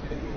Grazie.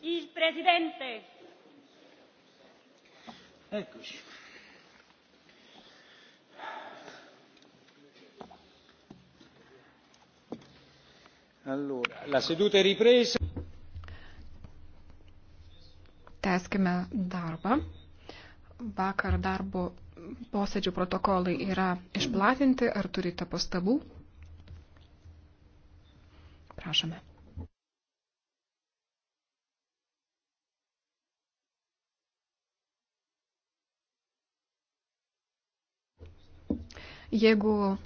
Il Presidente. Eccoci. Allora, la seduta è ripresa. Tęskime darbą. Vakar darbo posėdžių protokolai yra išplatinti. Ar turite pastabų? Prašome. Jeigu